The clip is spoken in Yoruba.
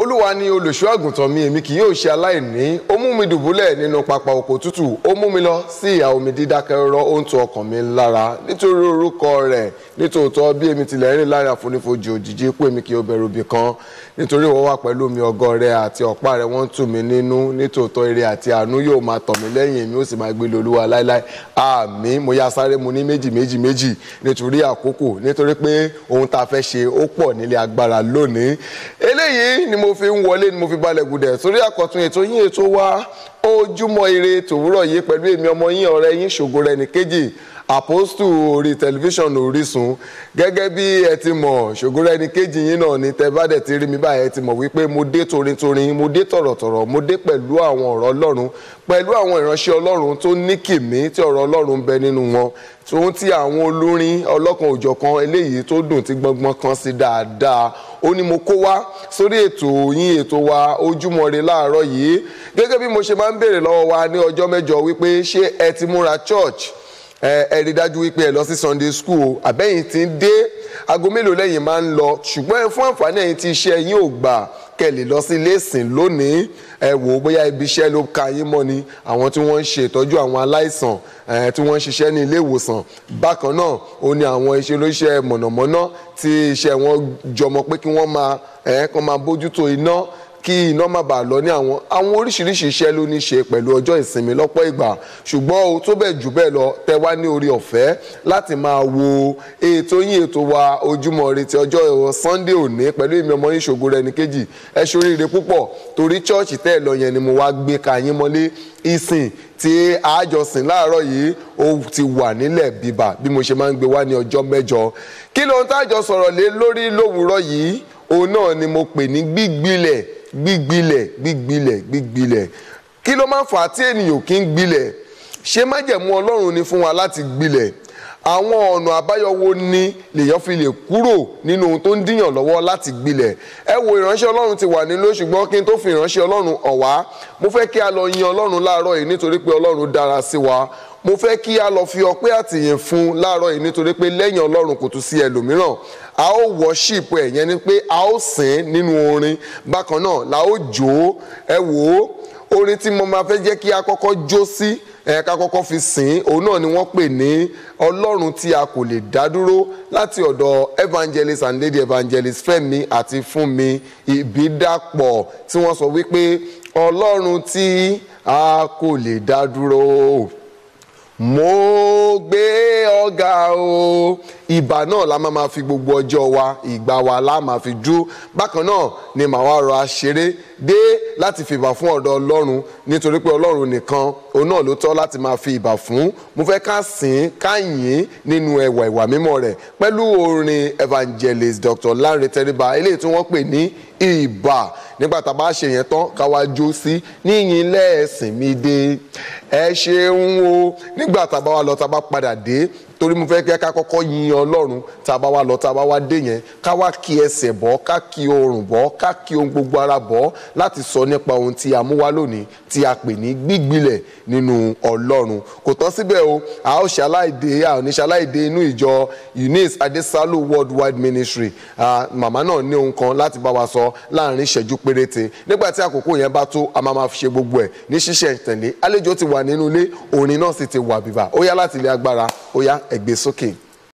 olúwa ni olùṣọ́ àgùntàn mi èmi kì yóò ṣe aláìní ó mú mi dùbúlẹ̀ nínú pápá oko tútù ó mú mi lọ sí ìhà omi dídákẹ́rọ́rọ́ ó ń tu ọkàn mi lára nítorí orúkọ rẹ̀ nítòótọ́ bí èmi tilẹ̀ rìn lára àfonífojì òjìji pé èmi kì í bẹ̀rù bì kan nítorí ìwọ wà pẹ̀lú mi ọgọ́ rẹ àti ọ̀pá rẹ wọ́n ń tù mí nínú nítòótọ́ ire àti àánú yóò máa tọ̀ mí lẹ́yìn èmi ó sì máa gbé lé olúwa ni mo mo fi ń wọlé ni mo fi balẹ̀ gùdẹ̀ sórí àkọ́tún ètò yín ètò wa ojúmọ́ ire tòwúrọ̀ yìí pẹ̀lú èmi ọmọ yín ọ̀rẹ́ yín ṣògo rẹ̀ nìkejì àpòstù orí tẹlifíṣàn Orísun gẹ́gẹ́ bí ẹ ti mọ̀ Ṣògorẹ́ni kejì yín náà ni tẹ bá dẹ̀ ti rí mi báyìí ẹ ti mọ̀ wípé mo dé torintorin mo dé tọ̀rọ̀tọ̀rọ̀ mo dé pẹ̀lú àwọn ọ̀rọ̀ Ọlọ́run pẹ̀lú àwọn ìránṣẹ́ Ọlọ́run tó ní kìmí tí ọ̀rọ̀ Ọlọ́run ń bẹ nínú wọn tòun ti àwọn olórin ọlọ́kan òjọ̀kan eléyìí tó dùn tí gbọ́ngbọ́n kan sí dáadáa ó ní mo kó wá sórí ètò yín ètò wa Ojúmọ́ Ire láàárọ̀ yìí gẹ́gẹ́ bí mo ṣe máa ń béèrè lọ́wọ́ wa ní ọjọ́ mẹ́jọ wípé ṣé ẹ ti múra church ẹ rí dájú wípé ẹ lọ sí Sunday school o àbẹ́yìn tí ń dé aago mélòó lẹ́yìn máa ń lọ ṣùgbọ́n ẹ fún àǹfààní ẹ̀yin tí iṣẹ́ yín ò gbà kẹ́ lè lọ sí iléèsìn lónìí ẹ wò ó bóyá ibi iṣẹ́ ló ka yín mọ́ ni àwọn tí wọ́n ń ṣe ìtọ́jú àwọn aláìsàn tí wọ́n ń ṣiṣẹ́ ní ilé ìwòsàn bákan náà ó ní àwọn iṣẹ́ olóṣẹ́ mọ̀nàmọ́ná tí iṣẹ́ wọn jọmọ pé kí wọ́n máa bójútó iná kí iná má bàa lọ ní àwọn àwọn oríṣiríṣi iṣẹ́ ló ní ṣe pẹ̀lú ọjọ́ ìsinmi lọ́pọ̀ ìgbà ṣùgbọ́n o tó bẹ̀ jù bẹ́ẹ̀ lọ tẹ wá ní orí ọ̀fẹ́ láti máa wo ètò yín ètò wa ojúmọ́ ire ti ọjọ́ Sunday òní pẹ̀lú èmi ọmọ yín Ṣògorẹ̀níkejì ẹ ṣoríire púpọ̀ torí chọ́ọ̀chì tẹ́ ẹ lọ yẹn ni mo wá gbé ka yín mọ́lé ìsìn tí àjọsìn láàárọ̀ yìí ó ti wà nílẹ̀ bíbà bí mo ṣe máa ń gbé wá ní ọjọ́ mẹ́jọ kí lóhun tájọ sọ̀rọ̀ lé lórí lówùúrọ̀ yìí òun náà ni mo pè ní gbígbilẹ̀ gbígbilẹ̀ gbígbilẹ̀ gbígbilẹ̀ kí ló máa ń fà á tí ènìyàn kì í gbilẹ̀ ṣé májẹ̀mú ọlọ́run ni fún wa láti gbilẹ̀ àwọn ọ̀nà àbáyọ wo ni lèèyàn fi lè kúrò nínú ohun tó ń dìyàn lọ́wọ́ láti gbilẹ̀ ẹ wo ìránṣẹ́ ọlọ́run ti wà nílò ṣùgbọ́n kí n tó fi ìránṣẹ́ ọlọ́run hàn wá mo fẹ́ kí a lọ yin ọlọ́run láàárọ̀ yìí nítorí pé ọlọ́run dára sí wa mo fẹ́ kí a lọ fi ọpẹ́ àtìyìn fún láàárọ̀ yìí nítorí pé lẹ́yìn ọlọ́run kò tún sí ẹlòmíràn a ó worship ẹ̀ yẹn ni pé a ó sìn nínú orin bákan náà la ó jó ẹ wò ó orin tí mo máa fẹ́ jẹ́ kí a kọ́kọ́ jó sí si ẹ̀ka kọ́kọ́ fi sìn òun náà ni wọ́n pè ní ọlọ́run tí a kò lè dá dúró láti ọ̀dọ̀ evangelist and lady evangelist Fẹ́mi àti Fúnmi Ìbídàpọ̀ tí wọ́n sọ wípé ọlọ́run tí a kò lè dá dúró mo gbé ọ̀gá o ibà náà la máa fi gbogbo ọjọ́ wa ìgbà wa la máa fi dú bákan náà ni màá wá rọ aṣeré dé láti fi ìbà fún ọ̀dọ̀ ọlọ́run nítorí pé ọlọ́run nìkan òun náà ló tọ́ láti máa fi ìbà fún mo fẹ́ ká sìn ká yìn nínú ẹwà ìwà mímọ́ rẹ̀ pẹ̀lú orin evangelist dr Lanre Tẹríba eléyìí tí wọ́n pè ní ìbà nígbà tá a bá ṣe yẹn tán ká wá jó sí níyìn lẹ́ẹ̀sìn mi dé ẹ ṣeun o nígbà tá a bá wá lọ tá a bá padà dé torí mo fẹ́ kí ká kọ́kọ́ yin ọlọ́run tá a bá wá lọ tá a bá wá dé yẹn ká wá kí ẹsẹ̀ bọ́ ká kí oorun bọ́ ká kí ohun gbogbo ara bọ́ láti sọ nípa ohun tí a mú wá lónìí tí a pè ní gbígbilẹ̀ nínú ọlọ́run kò tán síbẹ̀ o a ó ṣaláìdé a ò ní ṣaláìdé inú ìjọ Eunice Adesalu Worldwide Ministry màmá náà ní ohun kan láti bá wa sọ láàrin ìṣẹ́jú pé péréte nígbà tí àkókò yẹn bá tó a máa ma ṣe gbogbo ẹ̀ ní ṣíṣẹ̀ tẹ̀lé àlejò ti wà nínú ilé orin náà sì ti wà bìbà ó yá láti ilé agbára ó yá ẹ̀gbẹ́ sókè.